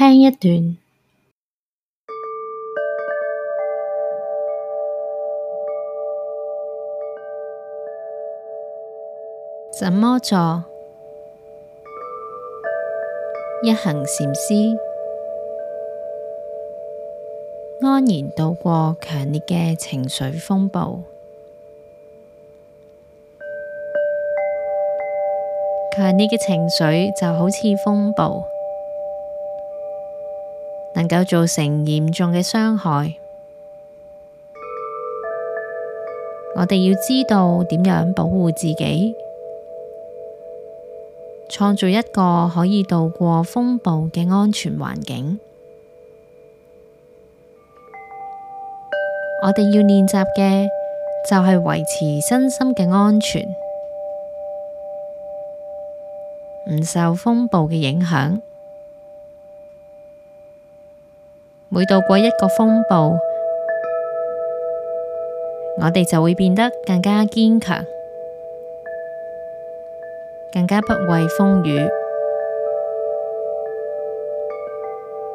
聽一段，怎麼做？一行禪師安然度過強烈嘅情緒風暴。強烈嘅情緒就好似風暴。能夠造成嚴重嘅傷害，我哋要知道點樣保護自己，創造一個可以度過風暴嘅安全環境。我哋要練習嘅就係維持身心嘅安全，唔受風暴嘅影響。每到過一個風暴，我哋就會變得更加堅強，更加不畏風雨。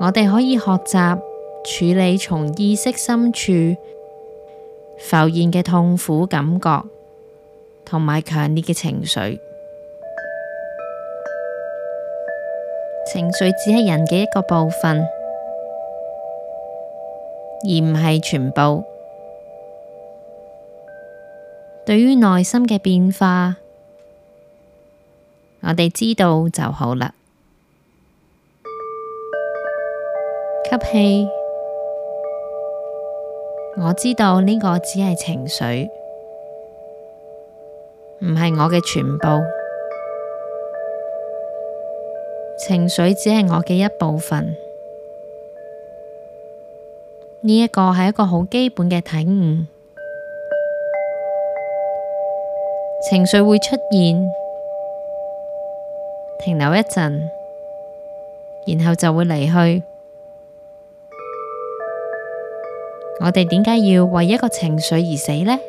我哋可以學習處理從意識深處浮現嘅痛苦感覺，同埋強烈嘅情緒。情緒只係人嘅一個部分。而唔係全部。對於內心嘅變化，我哋知道就好啦。吸氣，我知道呢個只係情緒，唔係我嘅全部。情緒只係我嘅一部分。呢一個係一個好基本嘅體悟，情緒會出現，停留一陣，然後就會離去。我哋點解要為一個情緒而死呢？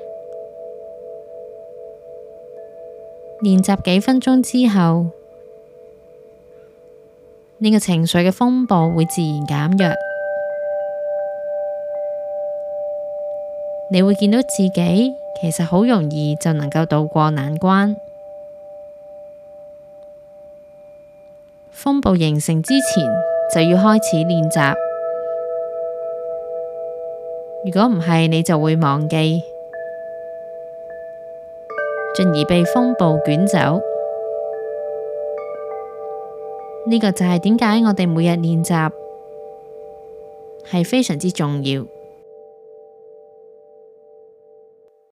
練習幾分鐘之後，你個情緒嘅風暴會自然減弱。你會見到自己其實好容易就能夠渡過難關。風暴形成之前就要開始練習，如果唔係，你就會忘記，進而被風暴捲走。呢個就係點解我哋每日練習係非常之重要。